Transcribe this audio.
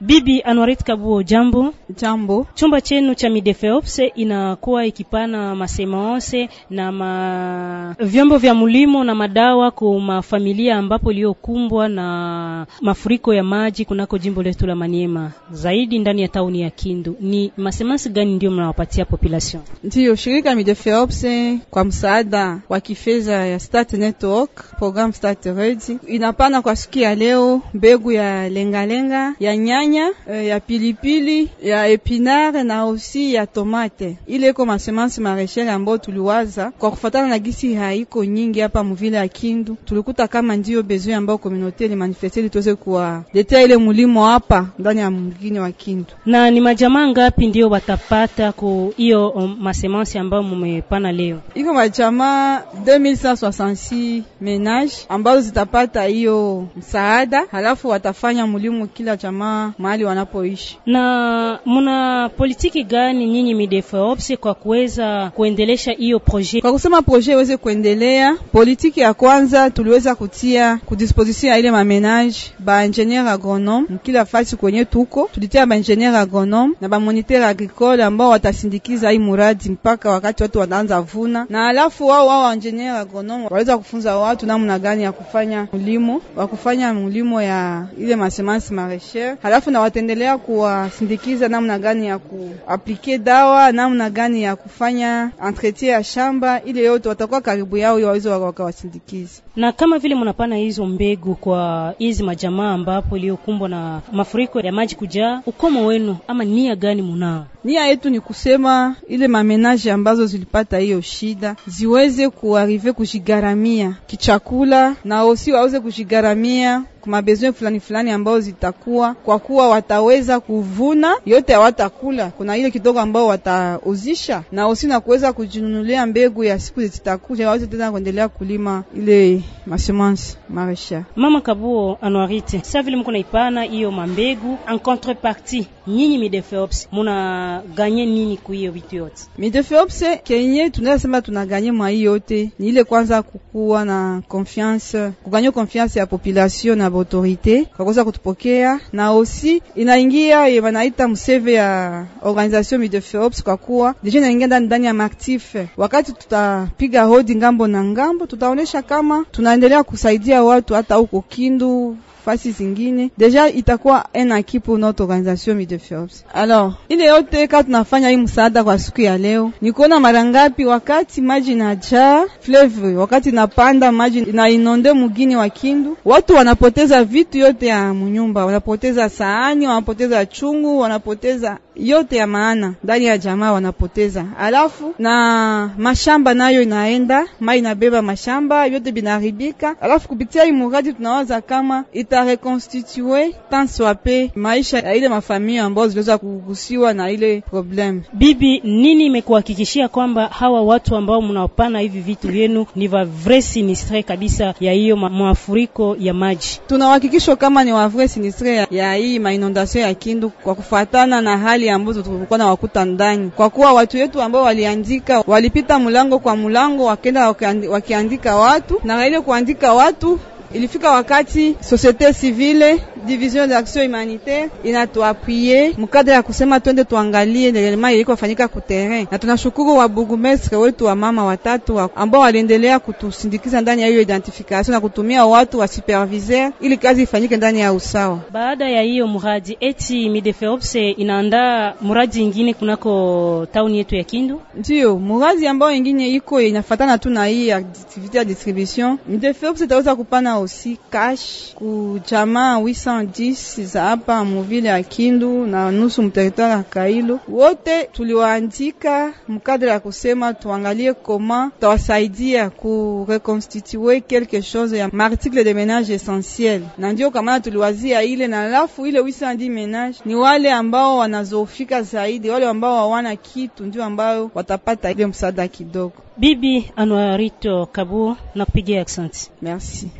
Bibi Anwarit Kabuo, jambo. Jambo. Chumba chenu cha Midefeopse inakuwa ikipana masemanse na ma... vyombo vya mulimo na madawa kwa mafamilia ambapo iliyokumbwa na mafuriko ya maji kunako jimbo letu la Maniema, zaidi ndani ya tauni ya Kindu. Ni masemansi gani ndio mnawapatia population? Ndiyo, shirika Midefeopse kwa msaada wa kifedha ya Start Network, program Start Ready inapana kwa siku ya leo mbegu ya lengalenga ya nyanya nyanya eh, ya pilipili ya epinare na aussi ya tomate. Ile iko masemansi mareshere ambayo tuliwaza kwa kufatana na gisi haiko nyingi hapa muvile ya Kindu, tulikuta kama ndiyo besoin ambayo komunote ile manifesteli tuweze kuwaletea ile mulimo hapa ndani ya mgini wa Kindu. Na ni majamaa ngapi ndio watapata ku hiyo um, masemansi ambayo mumepana leo? Iko majamaa 2166 menage ambazo zitapata hiyo msaada, halafu watafanya mulimu kila jamaa mahali wanapoishi. Na muna politiki gani nyinyi midefeops kwa kuweza kuendelesha hiyo projet? Kwa kusema projet iweze kuendelea, politiki ya kwanza tuliweza kutia kudisposition ya ile mamenage baingenier agronome mkila fasi kwenye tuko tulitia baingenier agronome na moniteur agricole ambao watasindikiza hii muradi mpaka wakati watu wanaanza vuna, na alafu wao wao waingenier agronome waweza kufunza watu namna gani ya kufanya mlimo wa kufanya mlimo ya ile masemansi mareshere halafu alafu nawatendelea kuwasindikiza namna gani ya kuaplike dawa, namna gani ya kufanya entretien ya shamba, ili yote watakuwa karibu yao waweze wakawasindikiza. Na kama vile mnapana hizo mbegu kwa hizi majamaa ambapo iliyokumbwa na mafuriko ya maji kujaa, ukomo wenu ama nia gani munao? Nia yetu ni kusema ile mamenaje ambazo zilipata hiyo shida ziweze kuarive kushigaramia kichakula, na osi waweze kujigaramia kumabezwe fulani fulani ambao zitakuwa kwa kuwa wataweza kuvuna yote hawatakula, kuna ile kidogo ambao watauzisha, na osi na kuweza kujinunulia mbegu ya siku zitakuja, waweze tena kuendelea kulima ile masemance maresha. Mama Kabuo Anwarite, sa vile mko naipana hiyo mambegu en contrepartie, nyinyi midefeops muna tunaganye nini kwa hiyo vitu yote? Midefeops kenye tunasema tunaganye mwa hiyo yote ni ile kwanza kukuwa na confiance, kuganya confiance ya population na autorite kwa kuweza kutupokea, na osi inaingia ye eh, mseve ya organisation Midefeops, kwa kuwa deja inaingia ndani ndani ya maktif. Wakati tutapiga hodi ngambo na ngambo, tutaonesha kama tunaendelea kusaidia watu hata huko Kindu fasi zingine deja itakuwa ena kipo notre organisation Midefiops. Alors ile yote kati tunafanya hii msaada kwa siku ya leo ni kuona mara ngapi wakati maji najaa fleuve, wakati napanda maji na inonde mugini wa Kindu, watu wanapoteza vitu yote ya munyumba, wanapoteza sahani, wanapoteza chungu, wanapoteza yote ya maana ndani ya jamaa wanapoteza. Alafu na mashamba nayo inaenda mai, inabeba mashamba yote binaharibika. Alafu kupitia hii muradi tunawaza kama ita tutarekonstitue tant soit pe maisha ya ile mafamia ambazo zinaweza kugusiwa na ile problem. Bibi, nini imekuhakikishia kwamba hawa watu ambao mnaopana hivi vitu vyenu ni va vrai sinistre kabisa ya hiyo mafuriko ya maji? Tunahakikishwa kama ni wa vrai sinistre ya hii mainondasio ya Kindu kwa kufatana na hali ambazo tulikuwa na wakuta ndani, kwa kuwa watu wetu ambao waliandika walipita mlango kwa mlango, wakenda wakiandika watu na ile kuandika watu Ilifika wakati societe civile division d'action humanitaire inatuapwie mukadra ya kusema twende tuangalie elema ilikofanyika ku terrain, na tunashukuru wa burgomestre wetu wa mama watatu ambao waliendelea kutusindikiza ndani ya hiyo identification na kutumia watu wa superviseur ili kazi ifanyike ndani ya usawa. Baada ya hiyo muradi eti midefeopse inaandaa muradi ingine kunako tauni yetu ya Kindu, ndio muradi ambao ingine iko inafatana tu na hii activité ya distribution midefeopse itaweza kupana aussi cash ku jamaa 810 za hapa muvile ya Kindu na nusu mteritware ya Kailo. Wote tuliwaandika mkadra ya kusema tuangalie koma tutawasaidia ku reconstituer quelque chose ya marticle de menage essentiel, na ndio kamana tuliwazia ile na alafu ile 810 menage ni wale ambao wanazofika zaidi, wale ambao hawana kitu ndio ambao watapata ile msaada kidogo. Bibi Anwarito Kabuo, nakupigia accent. Merci.